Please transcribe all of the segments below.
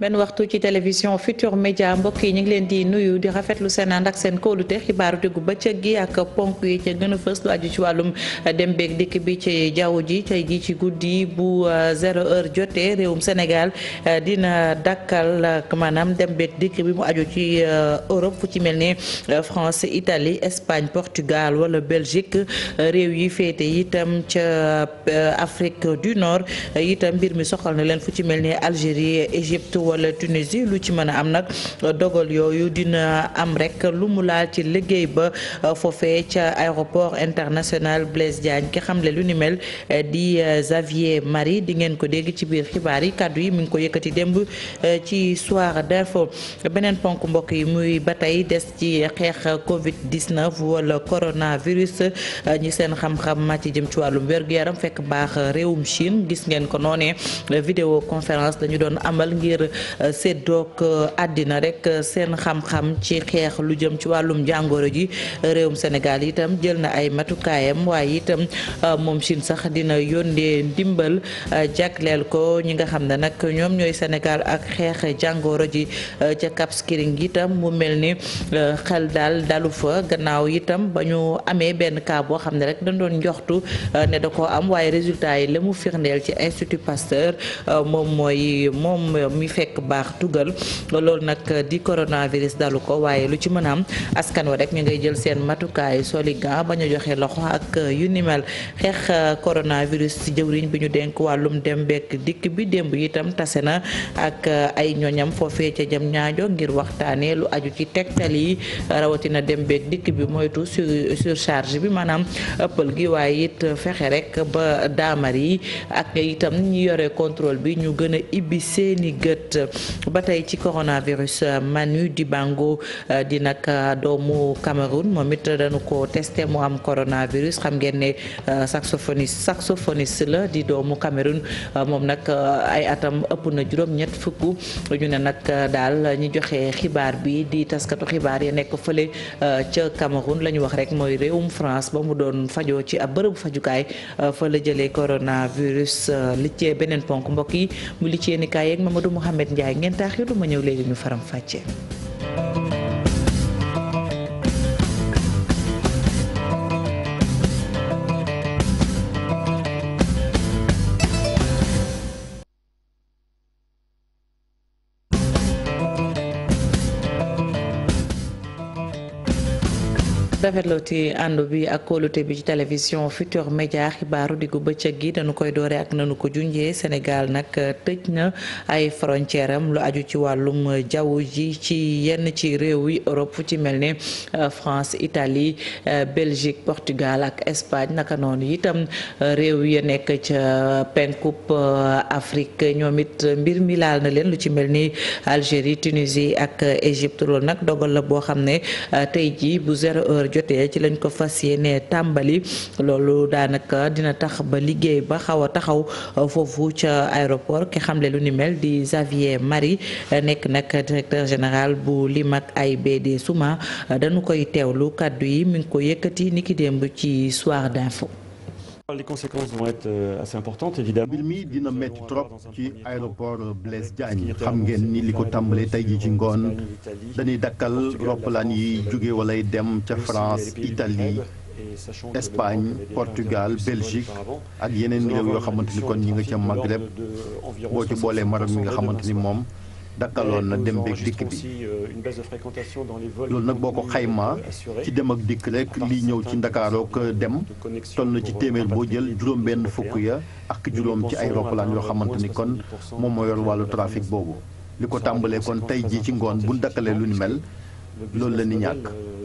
benn waxtu ci télévision Futur Média mbokk yi ñu ngi leen di nuyu di rafetlu seen ànd ak seen kóolute xibaaru ba bëccëg gi ak ponk yi ca gën a fës lu aju ci wàllum dem beeg dikk bi ci jaww ji tey ji ci guddi bu euh, zéro heure jotee réewum Sénégal euh, dina dakkal maanaam dem beeg dikk bi mu aju ci euh, Europe fu ci mel ne France Italie Espagne Portugal wala Belgique réew yi féete itam ca Afrique du Nord itam mbir mi soxal na leen fu ci mel ne Algérie Égypte. wala Tunisie lu ci mën a am nag dogal yooyu dina am rek lu mu laal ci liggéey ba euh, foofee ca aéroport international Blaise Diagne ki xamle lu ni mel euh, di euh, Xavier Marie di ngeen ko dégg ci biir xibaar yi kàddu yi mu ngi ko yëkkati démb ci soir d'info beneen ponk mbokk yi muy ba tey des ci xeex Covid 19 wala coronavirus ñi seen xam-xam màcc jëm ci wàllum wér-gu-yaram fekk baax réewum Chine gis ngeen ko noonee vidéo conférence dañu doon amal ngir Euh, séddoog euh, àddina rek euh, seen xam-xam ci xeex lu jëm ci wàllum njàngooro ji réewum Sénégal itam jël na ay matukaayam waaye itam moom Chine sax dina yónnee ndimbal jagleel ko ñi nga xam ne nag ñoom ñooy Sénégal ak xeex jàngooro ji ca Cap Skirring itam mu mel ni xel daal dalu fa gannaaw itam ba ñu amee benn cas boo xam ne rek dañ doon njoxtu ne da am waaye résultat yi la mu firndeel ci Institut Pasteur moom mooy moom mi fekk fekk baax tugal loolu nag di coronavirus dalu ko waaye lu ci mën a am askan wa rek ñu ngay jël seen matukaay soli gan ba ñu joxe loxo ak yu ni mel xeex euh, coronavirus ci jëwriñ bi ñu dénk wàllum dem bekk dikk bi démb itam tase na ak euh, ay ñoñam foofee ca jam ñaajo ngir waxtaanee lu aju ci tegtal yi rawatina dem bekk dikk bi moytu surcharge bi maanaam ëppal gi waaye it fexe rek ba daamar yi ak itam yore contrôle bi ñu gën ibbi seeni gët ba tey ci coronavirus Manu Dibango eh, di nag eh, doomu Cameroun moom it dañu ko testé mu am coronavirus xam ngeen ne eh, saxophoniste saxophoniste la di doomu Cameroun moom nag ay atam ëpp na juróom-ñett fukk ñu ne nag daal ñu joxe xibaar bi di taskatu xibaar ya nekk fële ca Cameroun la ñu wax rek mooy réewum France ba mu doon fajoo ci ab bërëbu fajukaay fa la coronavirus li beneen ponk mbokk yi mu li ci yéen kaay ak Mamadou Mouhamed Ndiaye ngeen taax yi lu ma ñëw léegi ñu faram fàccee. rafetlu ci ànd bi ak kóolute bi ci télévision Futur Média xibaaru diggu bëccëg gi dañu koy doore ak nanu ko junjee Sénégal nag tëj na ay frontière am lu aju ci wàllum jaww ji ci yenn ci réew yi Europe fu ci mel ni euh, France Italie euh, Belgique Portugal ak Espagne naka noonu itam euh, réew ya nekk ca penkub Afrique ñoom it mbir mi laal na leen lu ci mel ni Algérie Tunisie ak Égypte loolu nag dogal la boo xam ne tey ji bu zéro heure jotee ci lañ ko fas yéenee tàmbali loolu daanaka dina tax ba liggéey ba xaw a taxaw uh, foofu ca aéroport ki xamle lu ni mel di Xavier Marie uh, nekk nag directeur général bu Limak AIBD Suma uh, dañu koy teewlu kàddu yi mu ngi ko yëkkati niki démb ci soir d'info les conséquences vont être euh, assez importantes évidemment. mbir mi dina métti trop ci aéroport Blaise Diagne xam ngeen ni li ko tàmbalee tey jii ci ngoon dañuy dakkal roppalaan yi jóge walay dem ca France Italie Espagne Portugal Belgique ak yeneen réew yoo xamante ni kon ñi nga ca Maghreb euh, boo ci boolee Maroc mi nga xamante ni moom. dakkaloon na dem beeg dikk bi euh, loolu nag boo ko xaymaa euh, ci dem ak dikk rek lii ñëw ci ndakaarook dem toll na ci téeméer boo jël juróom-benn fukk ya ak juróom ci ay roppalaan yoo xamante ni kon moom ma yor wàllu trafic boobu li ko tàmbalee kon tey jii ci ngoon bu ndakkalee lu ni mel loolu la ñàkk. Euh,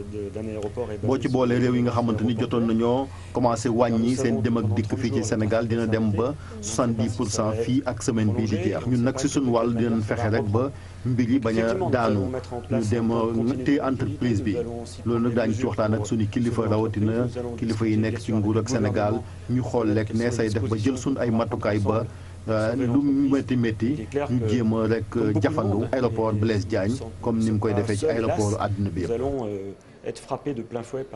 boo ci boolee réew yi nga xamante ni jotoon nañoo commencé wàññi euh, seen dem ak dikk fii ci Sénégal dina dem ba 70 pour cent fii ak semaine bii di jeex ñun nag si suñu wàll dinañ fexe rek ba mbir yi bañ a daanu ñu dem euh, téye entreprise bi loolu nag daañu ci waxtaan ak suñu kilifa rawatina kilifa yi nekk ci nguur ak Sénégal ñu xool rek ne say def ba jël suñu ay matukaay ba. Euh, lu métti métti ñu jéem a rek jafandu aéroport Blaise Diagne comme ni mu koy defee ci aéroport àdduna bi être frappé de euh,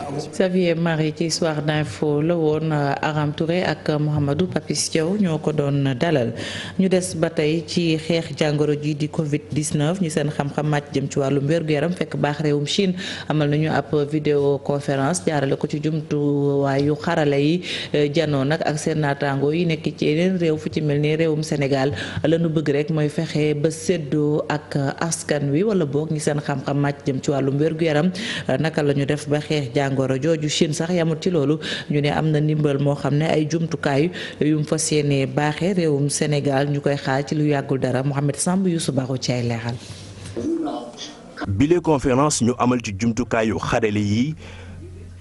ah Marie ci soir d'info la woon euh, Aram Touré ak Mouhamadou Papis Diaw ñoo ko doon dalal ñu des ba tey ci xeex jàngoro ji di Covid 19 ñu seen xam-xam màcc jëm ci wàllum wér-gu-yaram fekk baax réewum Chine amal nañu ab vidéoconférence jaarale ko ci jumtu yu xarala yi euh, janoo nag ak seen nataangoo yi nekk ci yeneen réew fu ci mel ni réewum Sénégal lañu bëgg rek mooy fexe ba séddoo ak askan wi wala boog ñu seen xam-xam màcc jëm ci wàllum yaram euh, naka la ñu def ba xeex jàngoro jooju Chine sax yamul ci loolu ñu ne am na ndimbal moo xam ne ay jumtukaay yum fa fas yéenee baaxee réewum Sénégal ñu koy xaar ci lu yàggul dara Mouhamed Samb Youssou Baro ci ay leeral. bile conférence ñu amal ci jumtukaayu xarale yi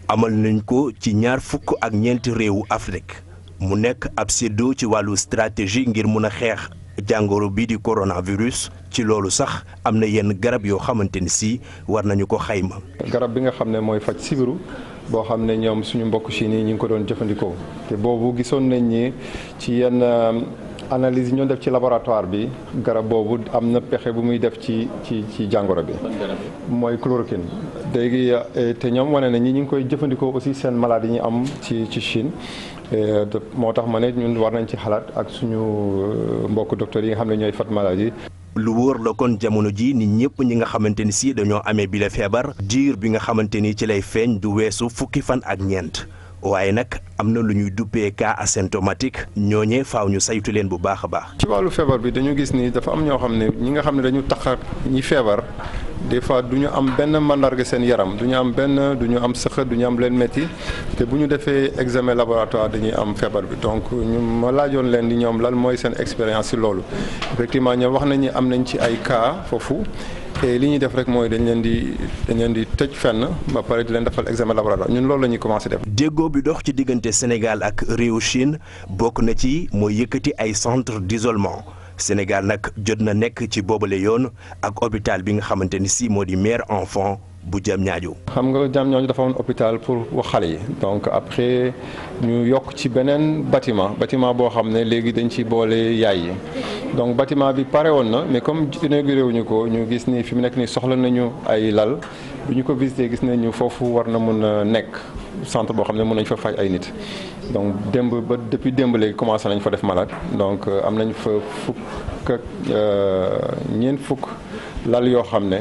amal nañ ko ci ñaar fukk ak ñeenti réewu Afrique mu nekk ab séddoo ci wàllu stratégie ngir mun a xeex. jàngoro bii di coronavirus ci loolu sax am na yenn garab yoo xamante ni si war nañu ko xayma. garab bi nga xam ne mooy faj sibiru boo xam ne ñoom suñu mbokk Chine yi ñu ngi ko doon jëfandikoo te boobu gisoon nañ ni ci yenn euh, analyse yi ñoo def ci laboratoire bi garab boobu am na pexe bu muy def ci ci ci jàngoro bi. mooy chloroquine. léegi euh, te ñoom wane na ñi ñu ngi koy jëfandikoo aussi seen maladie yi am ci ci Chine. moo tax ma ne ñun war nañ ci xalaat ak suñu euh, mbokk docteurs yi nga xam ne ñooy fat maladie lu wóor la kon jamono ji nit ñëpp ñi nga xamante ni si dañoo amee bile feebar diir bi nga xamante ni ci lay feeñ du weesu fukki fan ak ñeent waaye nag am na lu ñuy duppee cas asymptomatique ñooñee faaw ñu saytu leen bu baax a baax. ci wàllu feebar bi dañu gis ni dafa am ñoo xam ne ñi nga xam ne dañu tax ñi feebar. des fois du ñu am benn mandarga seen yaram du ñu am benn du ñu am sëqët du ñu am leen métti te bu ñu defee examen laboratoire dañuy am feebar bi donc ñu ma laajoon leen di ñoom lan mooy seen expérience ci loolu effectivement ñoom wax nañ ni am nañ ci ay cas foofu. li ñuy def rek mooy dañ leen di dañ leen di tëj fenn ba pare di leen defal examen laboratoire ñun loolu la ñuy commencé def. déggoo bi dox ci diggante Sénégal ak réewu Chine bokk na ci mooy yëkkati ay centre d'isolement Sénégal nag jot na nekk ci boobale yoon ak hôpital bi nga xamante ni si moo di mère enfant bu Diamniadio. xam nga Diamniadio dafa amoon hôpital pour wax xale yi donc après ñu yokk ci beneen bâtiment bâtiment boo xam ne léegi dañ ci boole yaay yi donc bâtiment bi pare woon na mais comme inauguré wuñu ko ñu gis ni fi mu nekk nii soxla nañu ay lal bi ñu ko visité gis nañu foofu war na mun a nekk centre boo xam ne mun nañ fa faj ay nit. donc démb ba démb léegi commencé nañ fa def malade donc euh, am nañu fa fukk ak euh, ñeent fukk lal yoo xam ne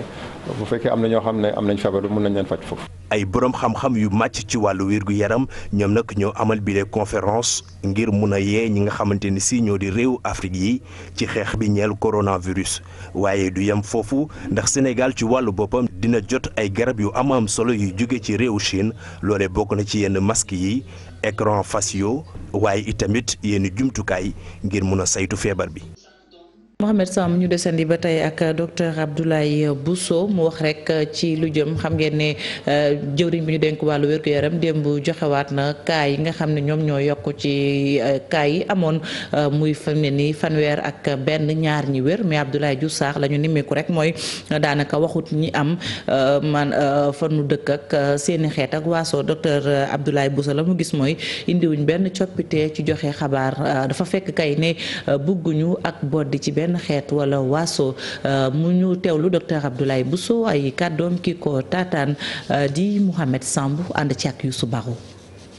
bu fekkee am na ñoo xam ne am nañ feebar mën nañ leen faj foofu. ay borom xam-xam yu màcc ci wàllu wirgu yaram ñoom nag ñoo amal bile conférence ngir mun a yee ñi nga xamante ni si ñoo di réew Afrique yi ci xeex bi ñeel coronavirus waaye du yem foofu ndax Sénégal ci wàllu boppam dina jot ay garab yu am am solo yuy jóge ci réew Chine loole bokk na ci yenn masque yi écran faciaux waaye itamit yenn jumtukaay ngir mun a saytu feebar bi Mohamed Samb ñu desandi ba tey ak docteur Abdoulaye Bousso mu wax rek ci lu jëm xam ngeen ne euh, jëwriñ bi ñu dénk wàllu wér-gu-yaram démb joxewaat na cas yi nga xam ne ñoom ñoo yokk ci cas euh, yi amoon euh, muy fan ne ni fanweer ak benn ñaar ñi wér mais Abdoulaye Diouf Sarr la ñu nimmeeku rek mooy daanaka waxut ñi am man fanu dëkk ak seeni xeet ak waaso docteur Abdoulaye Bousso la mu gis mooy indiwuñ benn coppite ci joxe xabaar dafa fekk kay ne bugguñu ak boddi benn xeet wala waaso euh, mu ñu teewlu docteur Abdoulaye Bousso ay kàddoom ki ko taataan euh, di Mouhamed Samb ànd ci ak Youssou Barou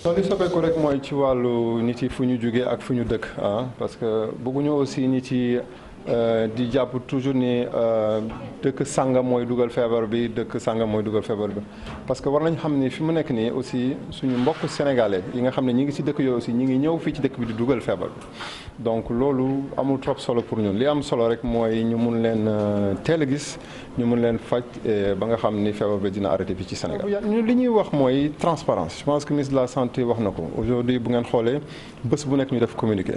non li soppeeku rek mooy ci wàllu nit yi fu ñu jugee ak fu ñu dëkk ah, parce que bëgguñu aussi nit yi euh, di jàpp toujours ni dëkk sàngam mooy dugal feebar bi dëkk sàngam mooy dugal feebar bi. parce que war nañ xam ni fi mu nekk nii aussi suñu mbokk sénégalais yi nga xam ne ñi ngi ci dëkk yooyu aussi ñi ngi ñëw fii ci dëkk bi di dugal feebar bi. donc loolu amul trop solo pour ñun li am solo rek mooy ñu mun leen euh, teel a gis ñu mun leen faj eh, ba nga xam ni feebar bi dina arrêté fii ci Sénégal. Euh, li ñuy wax mooy transparence je pense que ministre de la santé wax na ko aujourd'hui bu ngeen xoolee bés bu nekk ñu def communiqué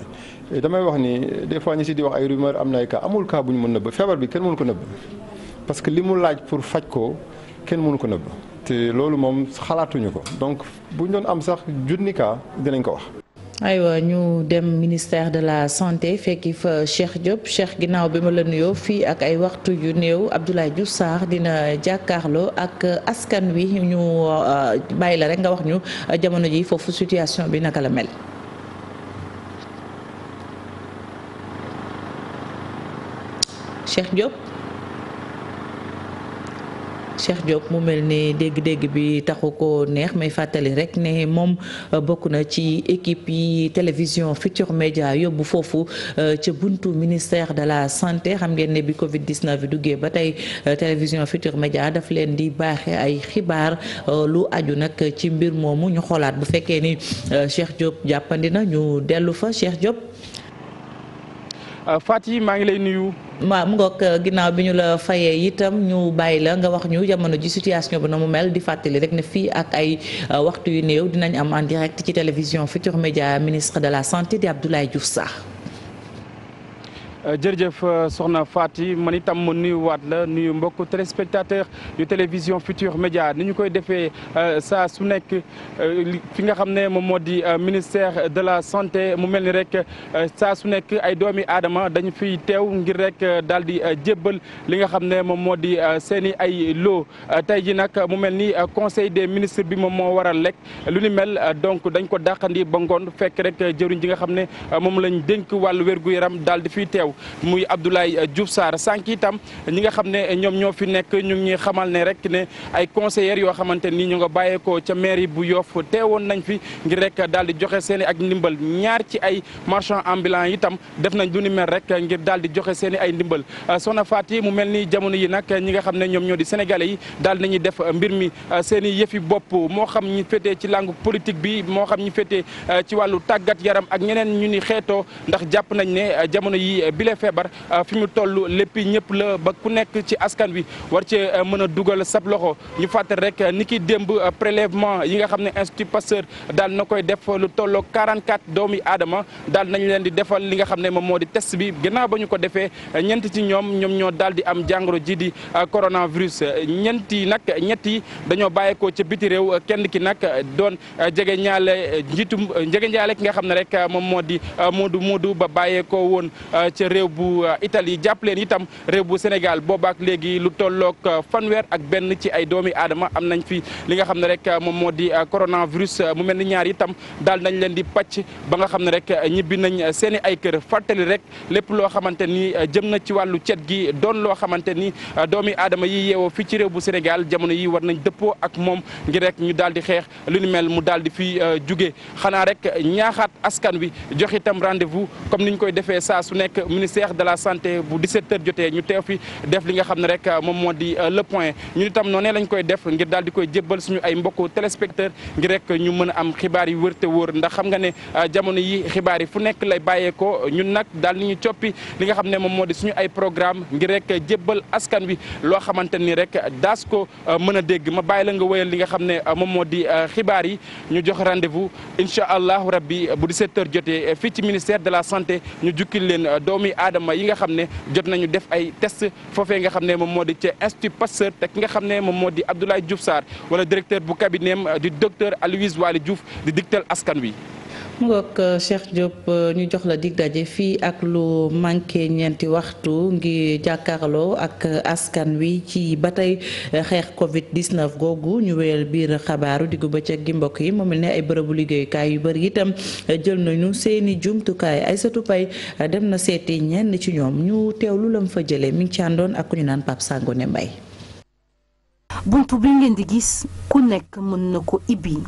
damay wax ni des fois ñi si di wax ay rumeur am na ay cas amul cas bu ñu mën nëbb feebar bi kenn mënu ko nëbb parce que li mu laaj pour faj ko kenn mënu ko nëbb te loolu moom xalaatuñu ko donc bu ñu doon am sax junni dinañ ko wax. aywa ñu dem ministère de la santé fekki fa Cheikh Diop Cheikh ginnaaw bi ma la nuyoo fii ak ay waxtu yu néew Abdoulaye Diouf Sarr dina jàkkaarloo ak askan wi ñu euh, bàyyi la rek nga wax ñu jamono ji foofu situation bi naka la mel. Cheikh Diop. Cheikh Diop mu mel ni dégg-dégg bi taxu ko neex may fàttali rek ne moom euh, bokk na ci équipe yi télévision Futur Média yóbbu foofu euh, ca buntu ministère de la santé xam ngeen ne bi Covid 19 bi duggee ba tey euh, télévision Futur Média daf leen di baaxe ay xibaar lu aju nag ci mbir moomu ñu xoolaat bu fekkee ni Cheikh Diop jàppandi na ñu dellu fa Cheikh Diop. Euh, Faty maa ngi lay nuyu. waaw mu ngoog euh, ginnaaw bi ñu la fayee itam ñu bàyyi la nga wax ñu jamono ji situation bi na mu mel di fàttali rek ne fii ak ay euh, waxtu yu néew dinañ am en direct ci télévision Futur Média ministre de la santé di Abdoulaye Diouf sax Euh, jërëjëf euh, soxna Faty man itam ma nuyuwaat la nuyu mbokku téléspectateur yu télévision Futur Média ni ñu koy defee euh, saa su nekk fi nga xam ne moom moo di ministère de la santé mu mel ni rek saa su nekk ay doomi aadama dañu fiy teew ngir rek daal di jëbal li nga xam ne moom moo di seen i ay loo tey ji nag mu mel ni conseil de ministres bi moom moo waral lekk lu ni mel donc dañ ko dàqandi ba ngoon fekk rek jëriñ ji nga xam ne moom lañ denk wàllu wér yaram daal di fiy teew xew muy Abdoulaye Diouf Sarr sànq itam ñi nga xam ne ñoom ñoo fi nekk ñu ngi ñuy xamal ne rek ne ay conseillers yoo xamante ni ñu nga bàyyeekoo ca mairie bu Yoff teewoon nañ fi ngir rek daal joxe seen ak ndimbal ñaar ci ay marchands ambulants itam def nañ lu ni mel rek ngir daal di joxe seen i ay ndimbal euh, soxna Faty mu mel ni jamono yi nag ñi nga xam ne ñoom ñoo di sénégalais yi daal nañuy def mbir mi euh, seen i yëfi bopp moo xam ñi féetee ci langue politique bi moo xam ñi féetee euh, ci wàllu tàggat yaram ak bile feebar euh, fi mu toll lépp ñëpp la ba ku nekk ci askan wi war cee euh, mën a dugal sab loxo ñu fàttali rek euh, ni ki démb prélèvement yi nga xam ne institut Pasteur daal na koy def lu tolloo 44 doomi aadama daal nañu leen di defal li nga xam ne moom moo di test bi gannaaw ba ñu ko defee ñent ci ñoom ñoom ñoo daal di am jàngoro ji di coronavirus ñent yi nag ñett dañoo bàyyeekoo ca biti réew kenn ki nag doon jege ñaale njiitu jege ñaale ki nga xam ne rek moom moo di Modou Modou ba bàyyeekoo woon réew bu euh, Italie jàpp leen itam réew bu Sénégal boobaak léegi lu tolloog euh, fanweer ak benn ci ay doomi aadama am nañ fi li nga xam ne rek euh, moom moo di coronavirus mu mel ni ñaar itam daal nañ leen di pàcc ba nga xam ne rek ñibbi nañ seen i ay kër fàttali rek lépp loo xamante ni jëm na ci wàllu cet gi doon loo xamante ni doomi aadama yi yeewoo fii ci réew bu Sénégal jamono yi war nañ dëppoo ak moom ngir rek ñu daal di xeex lu ni mel mu daal di fi jóge xanaa rek ñaaxaat askan wi jox itam rendez ministère de la santé bu 17h jotee ñu teew fi def li nga xam ne rek euh, moom di euh, le ñu ay mbokku ngir rek a euh, yi xibaar yi fu nekk lay bàyyeekoo ñun nag daal ni ñu li nga xam ne moom moo di suñu ay programme ngir rek jébbal askan wi loo xamante ni rek daas ko mën dégg ma bàyyi la nga wéyal li nga xam ne moom moo di xibaar yi ñu jox rendez-vous incha allahu rabbi bu 17h jotee fii ci ministère de la santé ñu jukkil leen doomi doomi aadama yi nga xam ne jot nañu def ay test foofee nga xam ne moom moo di ca institut Pasteur te ki nga xam ne moom moo di Abdoulaye Diouf Sarr wala directeur bu cabinet di docteur Aloyse Waly Diouf di digtal askan wi mu ngoog euh, Cheikh Diop euh, ñu jox la dig daje fii ak lu manqué ñeenti waxtu ngi jàkkaarloo ak euh, askan wi ci ba tey xeex Covid 19 googu ñu wéyal biir xabaaru diggu bëccëg gi mbokk yi mu mel ne ay bërëbu liggéeyukaay yu bari itam jël nañu seeni jumtukaay ay satu pay dem na seeti ñenn ci ñoom ñu teewlu lam fa jëlee mi ngi ci àndoon ak ku ñu naan Pape Sangone Mbaye. buntu mën na ko ibbi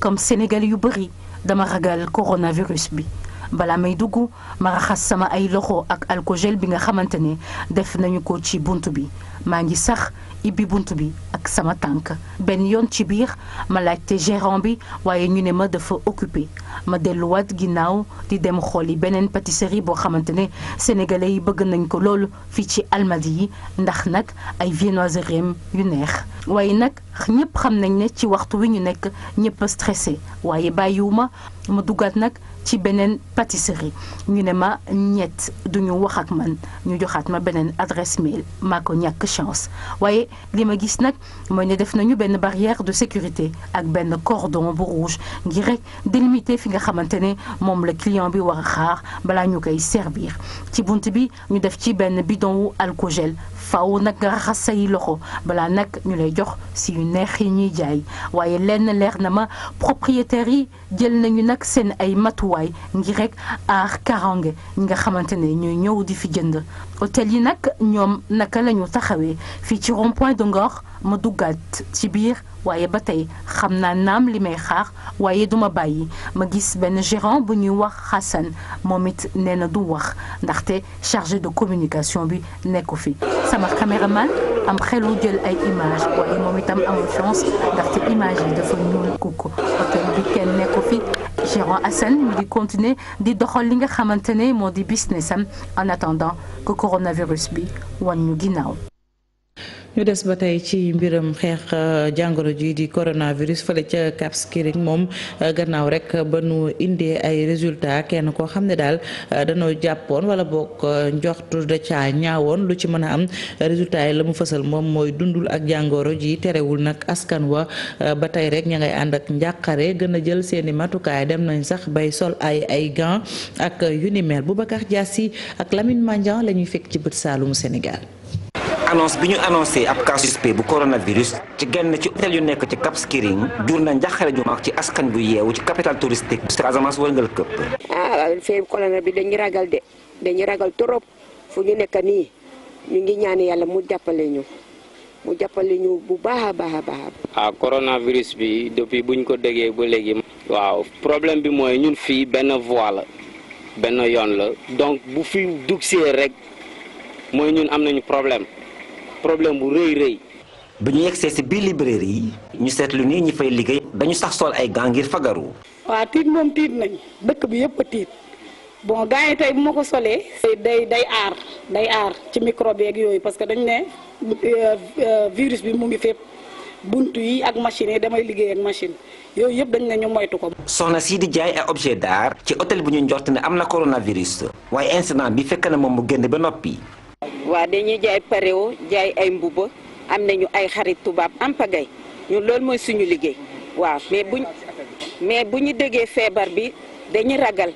comme sénégal yu bëri dama ragal coronavirus bi balaa may dugg ma raxas sama ay loxo ak alcogel bi nga xamante ne def nañu ko ci bunt bi maa ngi sax ibbi bunt bi ak sama tànk benn yoon ci biir ma laajte gérant bi waaye ñu ne ma dafa occupé ma delluwaat ginnaaw di dem xool yi beneen pâtisserie boo xamante ne sénégalais yi bëgg nañ ko loolu fii ci almadi yi ndax nag ay viennoiserie yu neex waaye nag ñëpp xam nañ ne ci waxtu wi ñu nekk ñëpp a stressé waaye bàyyiwu ma ma duggaat nag ci beneen pâtisserie ñu ne ma ñett duñu wax ak man ñu joxaat ma beneen adresse mail maa ko ñàkk chance waaye li ma gis nag mooy ne def nañu benn barrière de sécurité ak benn cordon bu rouge ngir rek fi nga xamante ne moom la client bi war a xaar balaa ñu koy servir ci bunt bi ñu def ci benn bidon wu alcogel faw nag nga raxas say loxo balaa nag ñu lay jox si neex yi ñuy jaay waaye lenn leer na ma propriétaires yi jël nañu nag seen ay matuwaay ngi rek aar caronge ñi nga xamante ne ñooy ñëw di fi jënd hôtel yi nag ñoom naka lañu taxawee fii ci rond point de Ngor ma duggaat ci biir waaye ba tey xam naa naam li may xaar waaye duma bàyyi ma gis benn gérant bu ñuy wax Hassan moom it nee na du wax ndaxte chargé de communication bi nekk fi sama man am xelu jël ay image waaye moom itam amul chance ndaxte image yi dafa ñuul kukk hôtel bi kenn nekku fi gérant Hassan mi ngi continuer di doxal li nga xamante ne moo di business en attendant que coronavirus bi wan ñu ginnaaw ñu des ba tey ci mbiram xeex euh, jàngoro ji di coronavirus fële ca Cap Skirring moom euh, gannaaw rek ba nu indee ay résultats kenn koo xam ne daal euh, danoo jàppoon wala boog njoxtu da ca ñaawoon lu ci mën a am résultat yi la mu fësal moom mooy dundul ak jàngoro ji terewul nag askan wa ba tey rek ña ngay ànd ak njàqare gën a jël seeni matukaay dem nañ sax bay sol ay ay gants ak yu ni mel Boubacar Diassi ak Lamine Mandian la ñuy fekk ci bët Saalumu Sénégal annonce bi ñu annoncé ab cas suspect bu coronavirus ci genn ci hôtel yu nekk ci Cap Skirring jur na njaxare ju mag ci askan bu yeewu ci capital touristique bu Casamance wërngal këpp. ah feebu corona bi dañuy ragal de dañuy ragal trop fu ñu nekk nii ñu ngi ñaan yàlla mu jàppale ñu mu jàppale ñu bu baax a baax a baax. Ah, coronavirus bi depuis buñ ko déggee ba léegi. waaw problème bi mooy ñun fii benn voie la benn yoon la donc bu fi dugsee rek mooy ñun am nañu problème. problème bu rëy rëy. bu ñu yegsee si biir librairie yi ñu seetlu nii ñu fay liggéey dañu sax sol ay gants ngir fagaru. waaw tiit moom tiit nañ dëkk bi yëpp a tiit bon gants yi bu ma ko solee. day day aar day aar ci microbe yeeg yooyu parce que dañu ne euh, euh, virus bi mu ngi fépp bunt yi ak machine yi damay liggéey ak machine yooyu yëpp dañ ne ñu moytu ko. soxna sii di jaay ay objet d'art ci hôtel bu ñu njort ne am na coronavirus. waaye incident bi fekk na moom mu génn ba noppi. waa dañuy jaay paréo jaay ay mbuba am nañu ay xarit tubaab am pagay ñun loolu mooy suñu liggéey waaw mais buñ mais bu ñu dëggee feebar bi dañuy ragal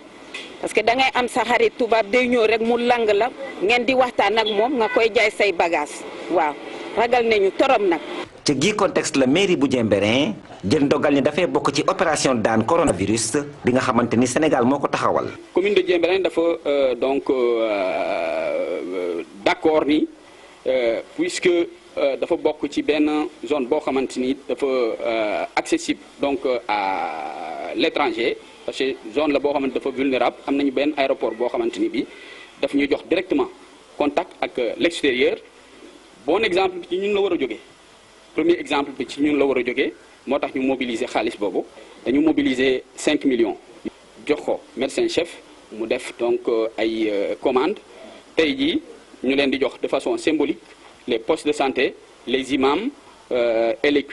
parce que da ngay am sa xarit tubaab day ñëw rek mu lang la ngeen di waxtaan ak moom nga koy jaay say bagage waaw ragal nañu torom nag ce gi contexte la mairie bu Diembéring jël ndogal ni bokk ci opération daan coronavirus bi nga xamante ni Sénégal moo ko taxawal. commune de Diembéring dafa euh, donc euh, d'accord ni euh, puisque dafa bokk ci benn zone boo xamante ni dafa accessible donc à l'étranger parce que zone la boo xamante dafa vulnérable am nañu benn aéroport boo xamante ni bi daf ñuy jox directement contact ak l'extérieur bon exemple ci ñun la war a jóge premier exemple bi ci ñun la war a jógee moo tax ñu mobiliser xaalis boobu dañu mobiliser cinq millions jox ko médecin chef mu def donc euh, ay euh, commande tey jii ñu leen di jox de façon symbolique les postes de santé les imams euh, et les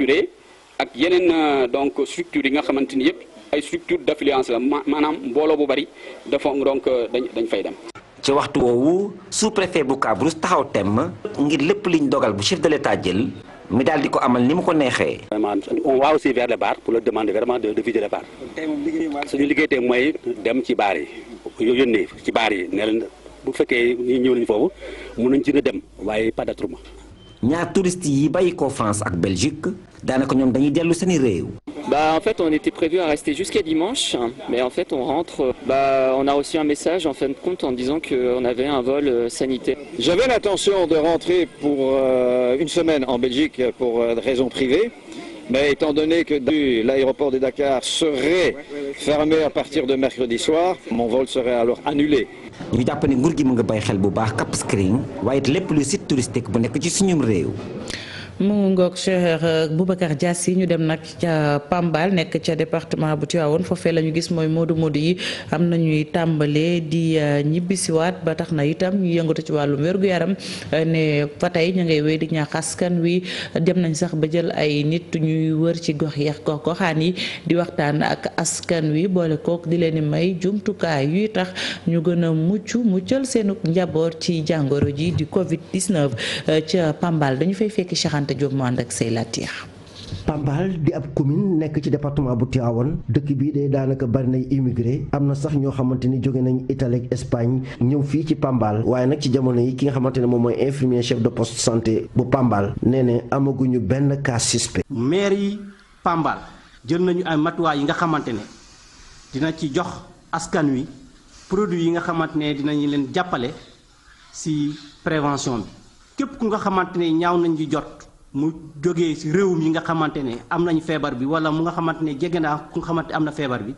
ak yeneen donc structures yi nga xamante ni yëpp ay structures d'affluence la maanaam mbooloo bu bari dafa donc dañ dañ fay dem. ci waxtu woowu sous-préfet bu Kabrousse taxaw temm ngir lépp liñ dogal bu chef de l'État jël. mi daal di ko amal ni mu ko neexee. vraiment on va aussi vers les bars pour leur demander vraiment de de vider les bars. suñu liggéey tey mooy dem ci baar yi ne ci baar yi ne leen bu fekkee ñëw nañu foofu mën nañ ci dem waaye pas d' ñaar touristes yi bàyyi ko France ak Belgique daanaka ñoom dañuy dellu seeni réew. Bah, en fait, on était prévu à rester jusqu'à dimanche, mais en fait, on rentre. Bah, on a reçu un message en fin de compte en disant qu'on avait un vol euh, sanitaire. J'avais l'intention de rentrer pour euh, une semaine en Belgique pour euh, raisons privées, mais étant donné que l'aéroport de Dakar serait fermé à partir de mercredi soir, mon vol serait alors annulé. ñu jàpp ne nguur gi mu nga bàyyi xel bu baax Cap Skirring waaye it lépp lu site touristique bu nekk ci suñum réew mu ngoog Cheikh euh, Boubacar Dias yi ñu dem nag ca Pambal nekk ca département bu Tivaouane foofee la ñu gis mooy moodu moodu yi am na ñuy tàmbalee di euh, ñibbisiwaat ba tax na itam ñu yëngatu ci wàllum wér-gu-yaram euh, ne fa tey ñu ngay wéy di ñaax askan wi dem nañ sax ba jël ay nit ñuy wër ci gox yeex gox goxaan yi di waxtaan ak askan wi boole kook di leen may jumtukaay yuy tax ñu gën a mucc muccal seenu njaboot ci jàngoro ji di Covid 19 ca Pambal dañu fay fekki Cheikh Anta Diop mu ànd ak di ab commune nekk ci département bu Tivaouane dëkk bii de daanaka bari nay immigré am na sax ñoo xamante ni jóge nañ Italie Espagne ñëw fii ci Pambal waaye nag ci jamono yi ki nga xamante ne moom mooy infirmier chef de poste santé bu Pambal nee ne amaguñu benn cas suspect. maire yi Pambal jël nañu ay matuwaay yi nga xamante ne dina ci jox askan wi produit yi nga xamante ne dinañu leen jàppale si prévention bi képp ku nga xamante ñaaw nañ ci mu jóge ci réew yi nga xamante ne am nañ feebar bi wala mu nga xamante ne jege naa ku nga xamante am na feebar bi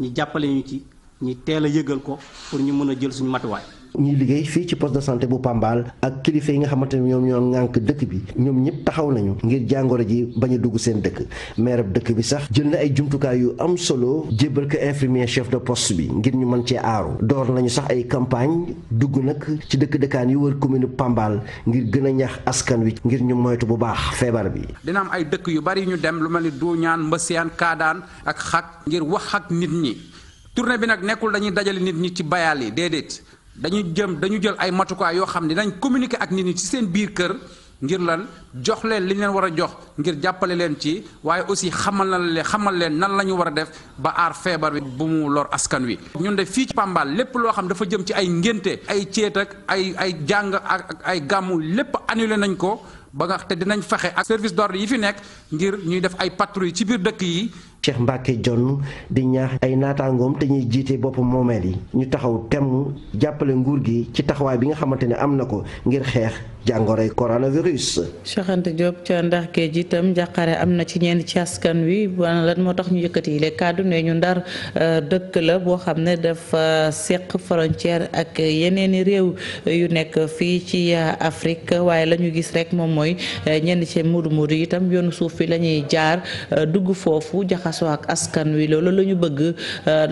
ñu jàppale ñu ci ñu teel a yëgal ko pour ñu mën a jël suñu matuwaay. ñuy liggéey fii ci poste de santé bu Pambal ak kilifa yi nga xamante ne ñoom ñoo ŋànk dëkk bi ñoom ñëpp taxaw nañu ngir jàngoro ji bañ dugg seen dëkk maire dëkk bi sax jël na ay jumtukaay yu am solo jébbal ko infirmier chef de post bi ngir ñu mën cee aaru door nañu sax ay campagne dugg nag ci dëkk dëkkaan yi wër commune Pambal ngir gën a ñax askan wi ngir ñu moytu bu baax feebar bi. dina am ay dëkk yu bari ñu dem lu mel ni Duuñaan Mbasiyaan Kaadaan ak xak ngir wax ak nit ñi tournée bi nag nekkul dañuy dajale nit ñi ci bayal yi déedéet dañu jëm dañu jël ay matukaay yoo xam ne dañ communiquer ak nit ñi ci seen biir kër ngir lan jox leen li leen war a jox ngir jàppale leen ci waaye aussi xamal na leen xamal leen nan la ñu war a def ba aar feebar bi bu mu lor askan wi. ñun def fii ci Pambal lépp loo xam dafa jëm ci ay ngénte ay ceet ay ay jàng ak ay gàmmu lépp annulé nañ ko ba nga te dinañ fexe ak service d'ordre yi fi nekk ngir ñuy def ay patrouille ci biir dëkk yi. Cheikh Mbacke Jonn di ñaax ay naataangoom te ñuy jiite boppu moomeel yi ñu taxaw temm jàppale nguur gi ci taxawaay bi nga xamante ne am na ko ngir xeex jàngoroy coronavirus. Cheikh Anta Diop ca ndax géej itam njàqare am na ci ñenn ci askan wi wana lan moo tax ñu yëkkati yi les kàddu ne ñu ndar euh, dëkk la boo xam ne dafa seq frontière ak yeneeni réew yu nekk fii ci euh, Afrique waaye lañu gis rek moom mooy euh, ñenn ci mudu mudu itam yoonu suuf bi la ñuy jaar dugg foofu jaxasoo ak askan wi loolu la bëgg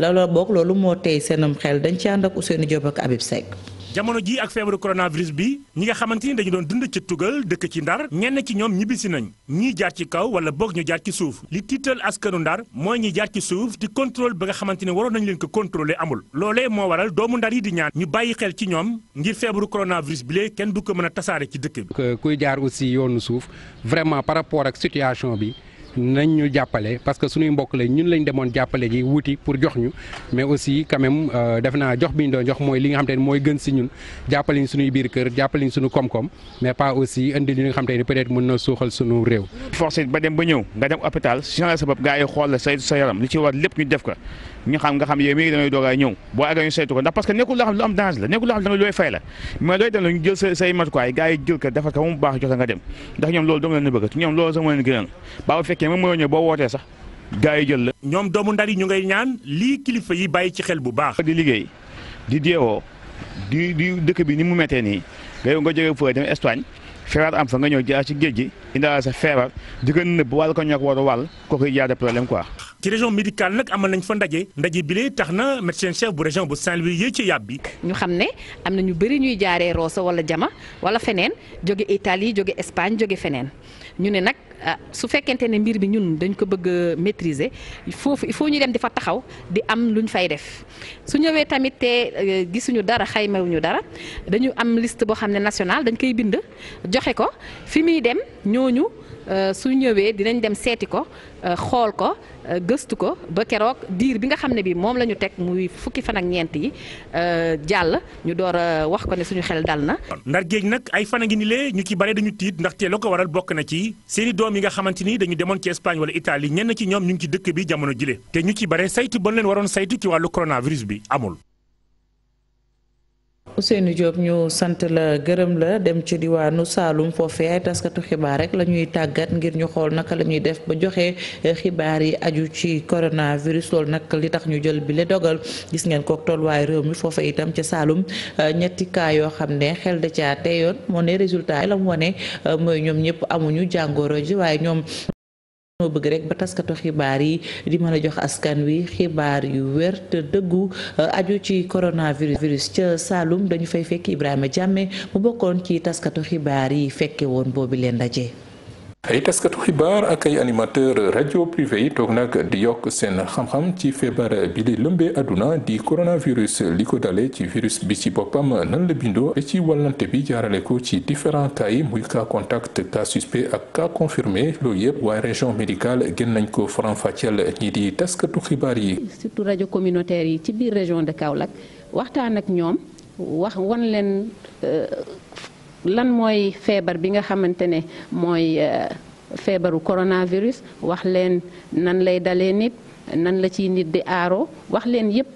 loola bokk loolu moo tey seenam xel dañ ci ànd ak seeni Diop ak Habib Seck. jamono ji ak feebaru coronavirus bi ñi nga xamante ni dañu doon dund ca tugal dëkk ci ndar ñenn ci ñoom ñibbisi nañ ñii jaar ci kaw wala boog ñu jaar ci suuf li tiital askanu ndar mooy ñi jaar ci suuf di contrôle ba nga xamante ni waroon nañu leen ko contrôler amul loolee moo waral doomu ndar yi di ñaan ñu bàyyi xel ci ñoom ngir feebaru coronavirus bi lee kenn du ko mën a tasaare ci dëkk bi kuy jaar aussi yoonu suuf vraiment par rapport ak situation bi nañ ñu jàppale parce que suñuy mbokk lañ ñun lañ demoon jàppale ji wuti pour jox ñu mais aussi quand même euh, def naa jox bi ñu doon jox mooy li nga xamte te ne mooy gën si ñun jàppale ñu suñuy biir kër jàppale ñu suñu koom-koom mais pas aussi indi li nga xam te ne peut-être mën na suuxal suñu réew forcé ba dem ba ñëw nga dem hôpital sinon la sa bopp gars yi xool la saytu sa yaram li ci war lépp xam nga xam yow dangay doogaa ñëw boo àggee ñu saytu ko ndax parce que nekkul loo xam lu am danger la nekkul loo xam da looy fay la mais looy dem la ñu jël sa say matukaay gars yi jël ko defar ko mu baax nga dem ndax ñoom loolu doomu la ñu bëgg ñoom loolu sax moo gënal baa bu fekkee moom moo ñëw boo wootee sax gars yi jël la ñoom doomu ndar yi ñu ngay ñaan lii kilifa yi bàyyi ci xel bu baax di liggéey dëkk bi ni mu mettee nii nga feebar am fa nga ñëw jaar ci géej gi indaale sa feebar di ko nëbb wàll ko ñoo ko war a wàll kooku jaade problème quoi. ci région médicale nag amal nañ fa ndaje ndaje bi tax na médecin chef bu région bu Saint-Louis yëy ci yàb bi ñu xam ne am na ñu bëri ñuy jaaree Rosso wala Jama wala feneen jóge Italie joge Espagne joge feneen ñu ne nag ah, su fekkente ne mbir bi ñun dañ ko bëgg a foofu il faut ñu dem di fa taxaw di am lu ñu fay def su ñëwee tamit te euh, gisuñu dara xaymawuñu dara dañu am liste boo xam ne nationale dañ koy bind joxe ko fi muy dem ñooñu. Euh, su ñëwee dinañ dem seeti ko euh, xool ko euh, gëstu ko ba keroog diir bi nga xam ne bi moom la ñu teg muy fukki fan ak ñeent yi jàll ñu door a wax ko ne suñu xel dal na. ndar géej nag ay fan a ngi ni lee ñu ci bare dañu tiit ndaxte la ko waral bokk na ci seeni doom yi nga xamante ni dañu demoon ci Espagne wala Italie ñenn ci ñoom ñu ngi ci dëkk bi jamono jile te ñu ci bare saytu ba leen waroon saytu ci wàllu coronavirus bi amul. Ousseynou Diop ñu sant la gërëm la dem ci diwaanu Saalum foofee ay taskatu xibaar rek la ñuy tàggat ngir ñu xool naka la ñuy def ba joxee eh, xibaar yi aju ci coronavirus loolu nag li tax ñu jël bi le dogal gis ngeen kook waaye réew mi foofa itam ca Saalum eh, ñetti cas yoo xam ne xel da caa yoon moo ne résultat yi la mu wane eh, mooy ñoom ñëpp amuñu jàngoro ji waaye ñoom noo bëgg rek ba taskatu xibaar yi di mën a jox askan wi xibaar yu wér te dëggu euh, aju ci coronavirus ca saalum dañu fay fekk Ibrahima Jàmme mu bokkoon ci taskatu xibaar yi fekke woon boobi leen ndaje ay taskatu xibaar ak ay animateur rajo privé yi toog nag di yokk seen xam-xam ci feebar bi li lëmbee àdduna di coronavirus li ko dale ci virus bi ci boppam nan la bindoo ba ci wàllante bi jaarale ko ci différents cas yi muy cas contact cas suspect ak cas confirmé loolu yëpp waaye région médicale gën nañ ko faram-fàcceel ñi di taskatu xibaar yi. surtout rajo communautaire yi ci biir région de Kaolack waxtaan ak ñoom wax wan leen. Euh, lan mooy feebar bi nga xamante ne mooy euh, feebaru coronavirus wax leen nan lay dalee nit nan la ciy nit di aaro wax leen yépp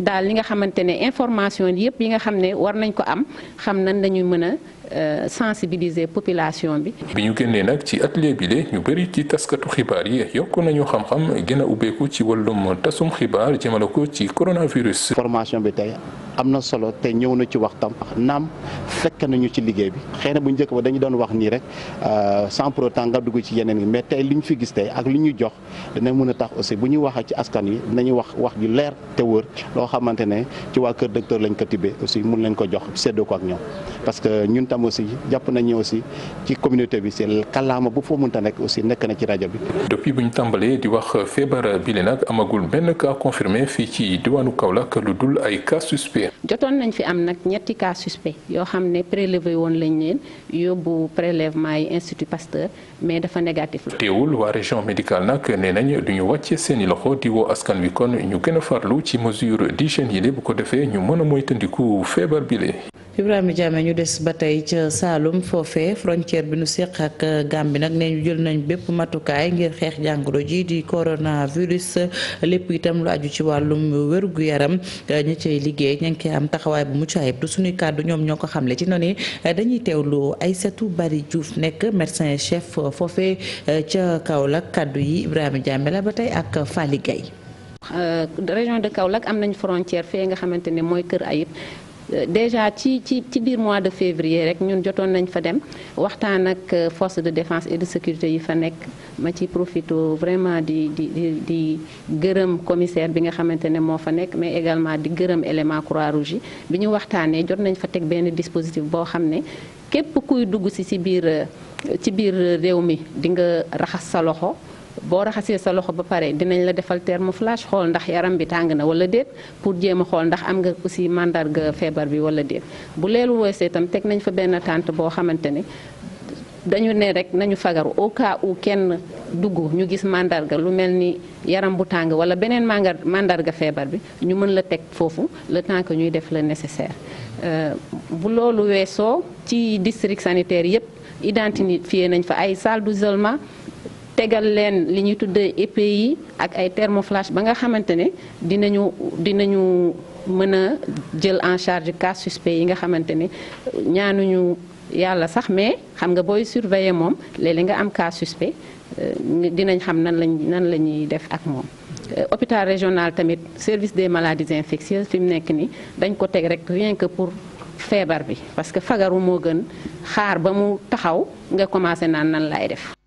daal li nga xamante ne information yépp yi nga xam ne war nañ ko am xam nan lañuy mën a Euh, sensibiliser population bi. bi ñu génnee nag ci atelier bi de ñu bëri ci taskatu xibaar yi yokk nañu xam-xam gën a ubbeeku ci wàllum tasum xibaar jëmale ko ci coronavirus. formation bi tey am na solo te ñëw na ci waxtam naam fekk nañu ci liggéey bi xëy na bu njëkk ba dañu doon wax nii rek euh, sans pour autant nga dugg ci yeneen yi mais tey li ñu fi gis tey ak li ñu jox dina mun a tax aussi bu ñuy waxee ci askan wi dinañu wax wax ju leer te wër loo xamante ne ci waa kër docteur lañ ko tibbee aussi mun leen ko jox séddoo ak ñoom kàllaama aussi jàpp nañu aussi ci communauté bi seen kàllaama bu foo mënta nekk aussi nekk na ci rajo bi. depuis bu ñu tàmbalee di wax feebar bi le nag amagul benn cas confirmé fii ci diwaanu Kaolack lu dul ay cas suspect. jotoon nañ fi am nag ñetti cas suspect yoo xam ne prélevé woon lañ leen yóbbu prélèvement yi institut Pasteur mais dafa négatif la. teewul waa région médicale nag nee nañ du ñu wàcce seen i loxo di woo askan wi kon ñu gën a farlu ci mesure d'hygiène yi bu ko defee a bi le Ibrahima Diame ñu des ba tey ca Saalum foofe frontière bi nu seq ak bi nag nee ñu jël nañ bépp matukaay ngir xeex jàngoro jii di coronavirus lépp itam lu aju ci wàllum wérgu yaram ñi cay liggéey ña ngi am taxawaay bu mucc ayib du suñuy kàddu ñoom ñoo ko xamle ci noonu dañuy teew lu ay Aïssatou Bari Diouf nekk médecin chef foofe ca Kaolack kàddu yi Ibrahima Diame la ba tey ak Fally Gueye euh, région de am nañ frontière fee nga xamante ne mooy Kër Ayib déjà ci ci ci biir mois de février rek ñun jotoon nañ fa dem waxtaan ak euh, force de défense et de sécurité yi fa nekk ma ci profito vraiment di di di gërëm commissaire bi nga xamante ne moo fa nekk mais également di gërëm élément Croix-Rouge bi ñu waxtaanee jot nañ fa teg benn dispositif boo xam ne képp kuy dugg si si biir euh, ci biir réew mi dinga raxas sa loxo boo raxasee sa loxo ba pare dinañ la defal thermoflash xool ndax yaram bi tàng na wala déet pour jéem a xool ndax am nga aussi mandarga feebar bi wala déet bu leelu weesee itam teg nañ fa benn tànt boo xamante ne dañu ne rek nañu fagaru au cas où kenn dugg ñu gis mandarga lu mel ni yaram bu tàng wala beneen màndarga feebar bi ñu mën la teg foofu le temps que ñuy def le nécessaire euh, bu loolu weesoo ci district sanitaire yépp identifié nañ fa ay salle tegal leen li ñuy tuddee EPI ak ay termoflage ba nga xamante ne dinañu dinañu mën a jël en charge cas suspect yi nga xamante ne ñaanuñu yàlla sax mais xam nga booy surveiller moom léeg-léeg nga am cas suspect euh, dinañ xam nan lañ nan la ñuy def ak moom. Euh, hôpital régional tamit service des maladies infectieuses fi nekk nii dañ ko teg rek rien que pour feebar bi parce que fagaru moo gën xaar ba mu taxaw nga commencé naan nan laay def.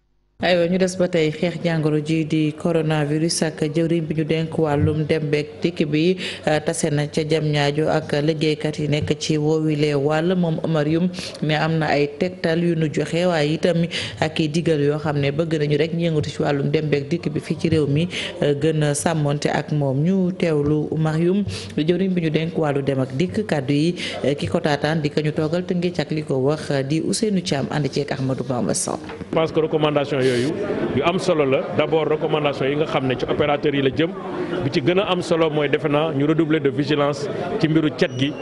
aywa ñu des ba tey xeex jàngoro ji di coronavirus ak jëwriñ bi ñu denk wàllum dem beeg dikk bi euh, tase na ca jam ñaajo ak liggéeykat yi nekk ci woowile wàll moom Omar Youm mais am na ay tegtal yu nu joxe waaye itam ak ki digal yoo xam ne bëgg nañu rek ñu yëngatu ci wàllum dem beeg dikk bi fii ci réew mi euh, gën a sàmmonte ak moom ñu teewlu Omar Youm jëwriñ bi ñu denk wàllu dem ak dikk kàddu yi euh, ki ko taataan di ko ñu toogal te ngi cak li ko wax di Ousseynou Thiam ànd ceeg Ahmadou Bamba Sow yooyu yu am solo la d' abord yi nga xam ne ci opérateurs yi la jëm bi ci gën a am solo mooy defe naa ñu redouble de vigilance ci mbiru cet gi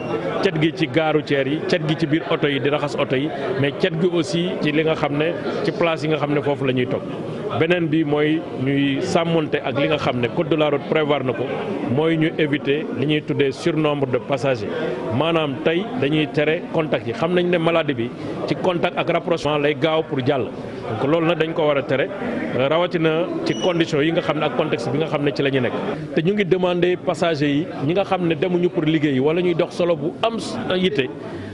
cet gi ci gaaru ceer yi cet gi ci biir oto yi di raxas oto yi mais cet gi aussi ci li nga xam ne ci place yi nga xam ne foofu la ñuy toog beneen bi mooy ñuy sàmmonte ak li nga xam ne code de la route prévoir na ko mooy ñu éviter li ñuy tuddee sur nombre de passagers maanaam tey dañuy tere contact yi xam nañ ne maladie bi ci contact ak rapprochement lay gaaw pour jàll donc loolu nag dañ ko war a tere rawatina ci condition yi nga xam ne ak contexte bi nga xam ne ci la ñu nekk te ñu ngi demander passagers yi ñi nga xam ne demuñu pour liggéey wala ñuy dox solo bu am yitte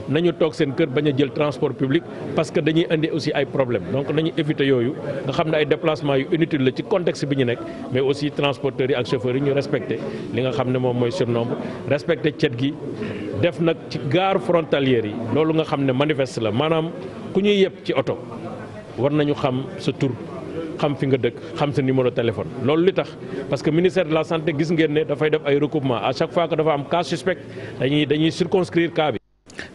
nañu toog seen kër bañ a jël transport public parce que dañuy indi aussi ay problème donc nañu éviter yooyu nga xam ne ay déplacement yu inutile la ci contexte bi ñu nekk mais aussi transporteurs yi ak chauffeurs yi ñu respecté li nga xam ne moom mooy surnombre respecté cet gi def nag ci gare frontalière yi loolu nga xam ne manifeste la maanaam ku ñuy yëpp ci oto war nañu xam sa tur xam fi nga dëkk xam sa numéro téléphone loolu li tax parce que ministère de la gis ngeen ay recoupement à chaque fois dafa am dañuy dañuy circonscrire bi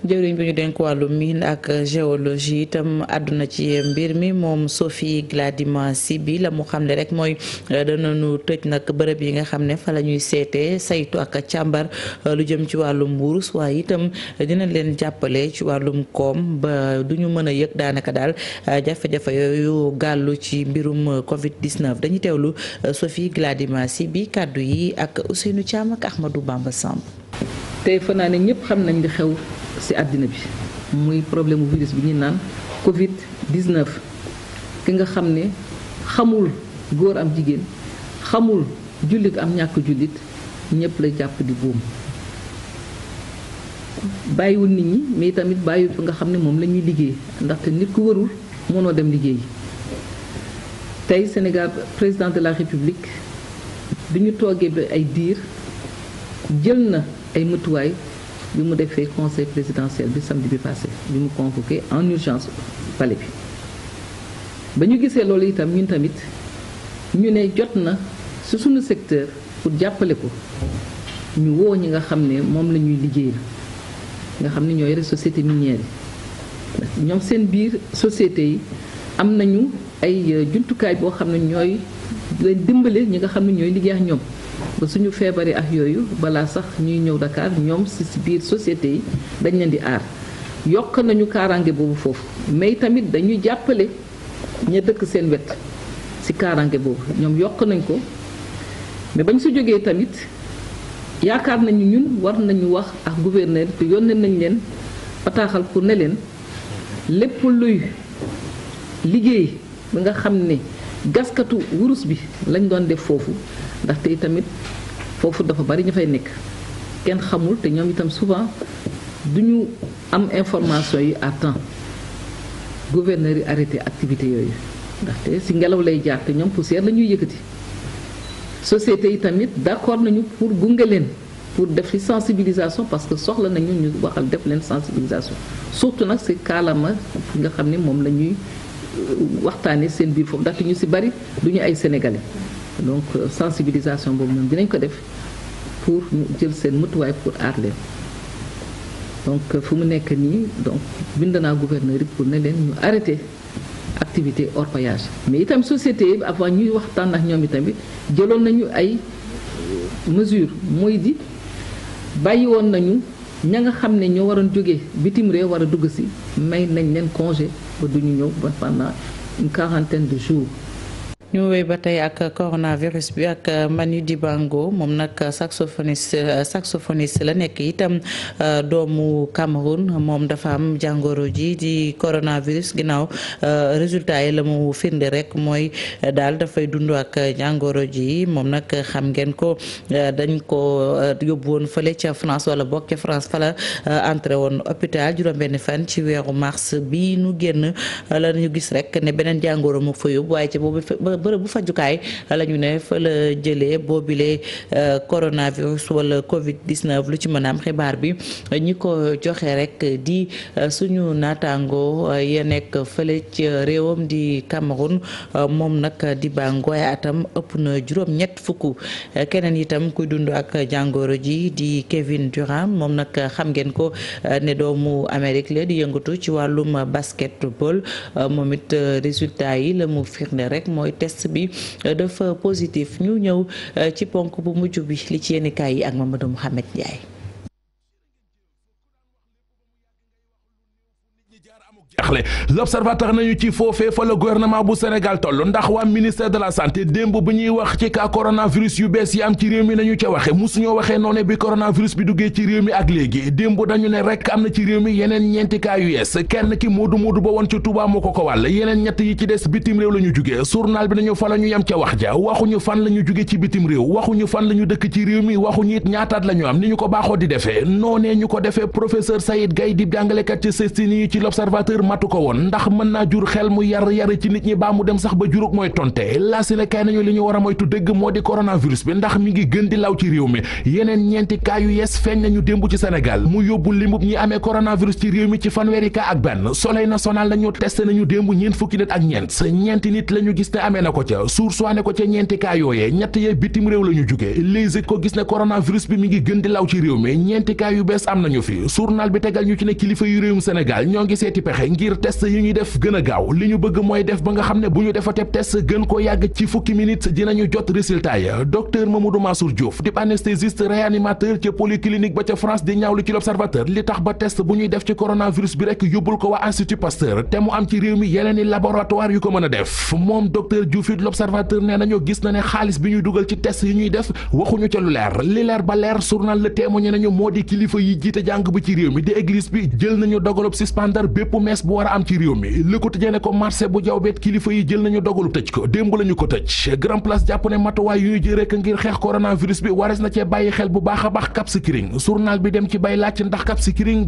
jëwriñ bi ñu denk wàllu miin ak géologie itam àdduna ci mbir mi moom Sophie Gladima Siby la mu xam ne rek mooy euh, danañu tëj nag bërëb yi nga xam ne fa la ñuy seetee saytu ak càmbar euh, lu jëm ci wàllum wurus waaye itam dina leen jàppale ci wàllum koom ba du ñu mën a yëg daanaka daal euh, jafe-jafe yooyu gàllu ci mbirum Covid 19 dañuy teewlu Sophie Gladima bi kàddu yi ak Ousseynou Thiam ak Ahmadou Bamba Samb. tey fanaane ñëpp xam nañ li xew ci àddina bi muy problème mu virus bi ñu naan Covid 19 ki nga xam ne xamul góor am jigéen xamul jullit am ñàkk jullit ñëpp la jàpp di buum bàyyiwul nit ñi mais tamit bàyyiwul fi nga xam ne moom lañuy liggéey ndaxte nit ku warul mënoo dem liggéey tey Sénégal président de la République bi ñu toogee ba ay diir jël na. ay matuwaay bi mu defee conseil présidentiel bi samedi bi passé bi mu convoqué en urgence palais bi ba ñu gisee loolu itam ñun tamit ñu ne jot na si suñu secteur pour jàppale ko ñu woo ñi nga xam ne moom la ñuy liggéeyal nga xam ne ñooy yore société minière ñoom seen biir société yi am nañu ay euh, jumtukaay boo xam ne ñooy leen dimbale ñi nga xam ne ñooy liggéey ak ñoom ba suñu feebaree ak yooyu balaa sax ñuy ñëw Dakar ñoom si biir société yi dañ leen di aar yokk nañu kaaraange boobu foofu mais tamit dañuy jàppale ña dëkk seen wet si kaaraange boobu ñoom yokk nañ ko mais bañ su jógee tamit yaakaar nañu ñun war nañu wax ak gouverneur te yónnee nañ leen bataaxal pour ne leen lépp luy liggéey ba nga xam ne gaskatu wurus bi lañ doon def foofu ndaxte itamit foofu dafa bari ñu fay nekk kenn xamul te ñoom itam souvent du ñu am information yi à temps gouverneur yi arrêté activité yooyu ndaxte si ngelaw lay jaar te ñoom poussière la ñuy yëkkati société yi tamit d'accord nañu pour gunge leen pour def fi sensibilisation parce que soxla nañu ñu waxal def leen sensibilisation surtout nag si kaalama nga xam ne moom la ñuy euh, waxtaanee seen biir foofu ndaxte ñu si bari du ñu ay sénégalais. donc euh, sensibilisation boobu ñoom dinañ ko def pour jël seen mëtuwaay pour aar leen donc euh, fu mu nekk nii donc bind naa gouverneur yi pour ne leen ñu arrêté activité orpaillage mais itam société yi avant ñuy waxtaan ak ñoom itamit jëloon nañu ay mesure mooy di bàyyi woon nañu ña nga xam ne ñoo waroon jógee bitim réew war a dugg si may nañ leen congé ba du ñu ñëw ba pendant une quarantaine de jours ñu wéy ba tey ak coronavirus bi ak di euh, Dibango moom nag saxophoniste euh, saxophoniste la nekk itam euh, doomu Cameroun moom dafa am jàngoro ji di coronavirus ginnaaw résultat yi la mu firnde rek mooy daal dafay dund ak jàngoro ji moom nag xam ngeen ko dañ ko yóbbu woon fële ca France wala bokk ca France fala entré woon hôpital juróom-benn fan ci weeru mars bi nu génn la ñu gis rek ne beneen jàngoro fa yóbbu waaye ci boobu bërëbu fajukaay la ñu ne fa la jëlee boobile euh, coronavirus wala Covid 19 lu ci mën a xibaar bi ñi ko joxe rek di euh, suñu naataango euh, ya nekk fële ci réewam di Cameroun moom nag di bàngooy atam ëpp na juróom-ñett fukk keneen itam kuy dund ak jàngooro ji di Kevin Durant moom nag xam ngeen ko ne doomu Amérique la di yëngatu ci wàllum basketball moom it résultat yi la mu firnde rek mooy test test bi euh, dafa positif ñu ñëw euh, ci ponk bu mujj bi li ci yenn kaay yi ak Mamadou Mouhamed Ndiaye jaaxle l'observateur nañu ci foofee fa la gouvernement bu Sénégal toll ndax waa ministère de la santé démb bu ñuy wax ci cas coronavirus yu bees yi am ci réew mi nañu ca waxe musuñoo waxee noone bi coronavirus bi duggee ci réew mi ak léegi démb dañu ne rek am na ci réew mi yeneen ñeenti cas yu yees kenn ki moodu moodu ba woon ci Touba moo ko ko wàll yeneen ñett yi ci des bitim réew la ñu jugee journal bi nañu fa la ñu yem ca wax ja waxuñu fan la ñu ci bitim réew waxuñu la ko baaxoo matu ko woon ndax mën naa jur xel mu yar yari ci nit ñi baa mu dem sax ba jurug mooy tonte la si ne kay nañu li ñu war a moytu dëgg moo di coronavirus bi ndax mi ngi gën di law ci réew mi yeneen ñeenti cas yu yees feeñ ci Sénégal mu yóbbu limub ñi amee coronavirus ci réew mi ci fanweeri cas ak benn soleil national nañu testé nañu démb ñeent fukki nit ak ñeent nit la ñu gis ne amee na ko ca suur soine ko ca ñeenti cas ñett yee bitim réew ñu jugee les ko gis ne coronavirus bi mi ngi gën di law ci réew mi ñeenti cas yu bees am nañu fi journal bi tegal ñu ci ne kilifa yu réewum Sénégal ñoo ngi seeti pexe ngir test yi ñuy def gën gaaw li ñu bëgg mooy def ba nga xam ne bu ñu defa teb test gën ko yàgg ci fukki minutes dinañu jot résultat ya docteur Mamadou Mansour Diouf dib anesthésiste réanimateur ca polyclinique ba ca France di ñaawlu ci l'observateur li tax ba test bu ñuy def ci coronavirus bi rek yóbbul ko waa institut Pasteur te mu am ci réew mi yeneen i laboratoire yu ko mën a def moom docteur Diouf l'observateur nee nañu gis na ne xaalis bi ñuy dug ci test yi ñuy def waxuñu ca lu leer li leer ba leer journal Le Témoin nañu moo bees bu war a am ci réew mi Le Quotidien ne ko marché bu jawbeet kilifa yi jël nañu dogalu tëj ko démb lañu ko tëj Grand Place jàpp ne matuwaay yu ñu jël rek ngir xeex coronavirus bi wares na cee bàyyi xel bu baax a baax Cap Skirring journal bi dem ci bay laaj ndax Cap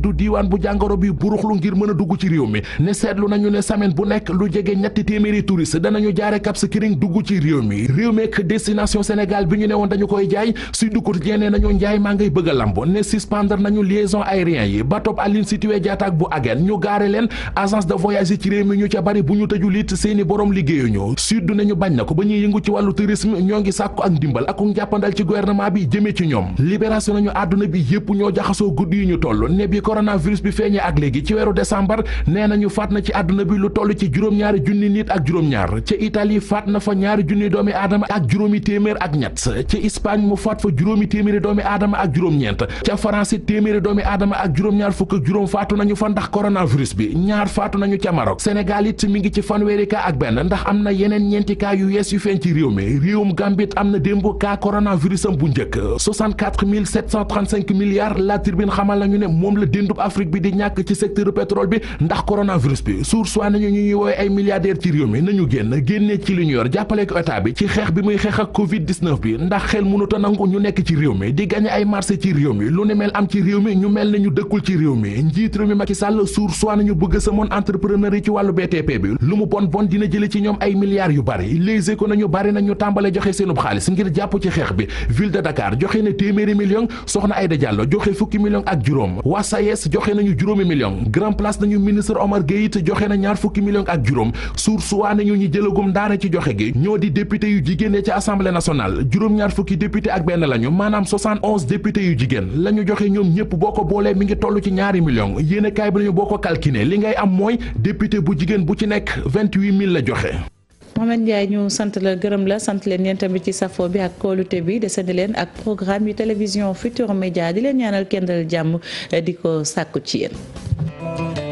du diiwaan bu jàngoro bi buruxlu ngir mën a dugg ci réew mi ne seetlu nañu ne semaine bu nekk lu jege ñetti téeméeri touriste danañu jaare Cap Skirring dugg ci réew mi réew meek destination Sénégal bi ñu ne woon dañu koy jaay su ne nañu njaay maa ngay bëgg a lamb ne suspendre nañu liaison aérien yi bateau Aline Sitoé Diatta bu Agen ñu gaare leen agence de voyage yi ci réew mi ñu ca bari bu ñu tëjul it seeni borom liggéeyuñu sud nañu bañ na ko ba ñuy yëngu ci wàllu tourisme ñoo ngi sàkku ak ndimbal ak njàppandal ci gouvernement bi jëmee ci ñoom libération nañu àdduna bi yépp ñoo jaxasoo gudd yi ñu toll ne bi coronavirus bi feeñee ak léegi ci weeru décembre nee nañu faat na ci àdduna bi lu toll ci juróom-ñaari junni nit ak juróom-ñaar ca Italie faat na fa ñaari junni doomi aadama ak juróomi téeméer ak ñett ca Espagne mu faat fa juróomi doomi aadama ak juróom-ñeent ca France téeméeri doomi aadama ak juróom-ñaar fukk ak juróom faatu nañu fa ndax coronavirus bi ñaar faatu nañu ca Maroc Sénégal it mi ngi ci fanweeri kaa ak benn ndax la Tribune xamal nañu ne moom la dëndub Afrique bi di ñàkk ci secteur pétrole bi ndax coronavirus bi suur soit nañu ñu ñuy ay milliardaires ci réew mi nañu génn génnee ci li yor jàppale ko état bi ci xeex bi muy xeex ak Covid 19 bi ndax xel mënuta nangu ñu nekk ci réew mi di gagné ay marché ci réew mi lu ne mel am ci réew mi ñu mel ne dëkkul ci réew mi njiit réew mi Macky Sall suur soit nañu bëgg sëmoon entrepreneur yi ci wàllu BTP bi lu mu bon bon dina jële ci ñoom ay milliards yu bari Les Échos nañu bari nañu tàmbale joxe seenub xaalis ngir jàpp ci xeex bi ville de Dakar joxe na téeméeri million soxna Aïda Diallo joxe fukki million ak juróom waa SAES e joxe nañu juróomi million Grand Place nañu ministre Omar Gueye joxe na ñaar fukki million ak juróom source waa nañu ñi jëlagum daana ci joxe gi ñoo di député yu jigéen ci juróom-ñaar fukki député ak benn lañu maanaam 71 député yu jigéen lañu joxe ñoom ñëpp boo ko boolee mi ngi toll ci ñaari million yéen boo ko calculé li fay am mooy député bu jigéen bu ci nekk vingt-huit mille la joxe. Mohamed Ndiaye ñu sant la gërëm la sant leen yéen tamit ci safo bi ak kóolute bi desandi leen ak programme yu télévision Futurs média di leen ñaanal kenn dal jàmm di ko sàkku ci yéen.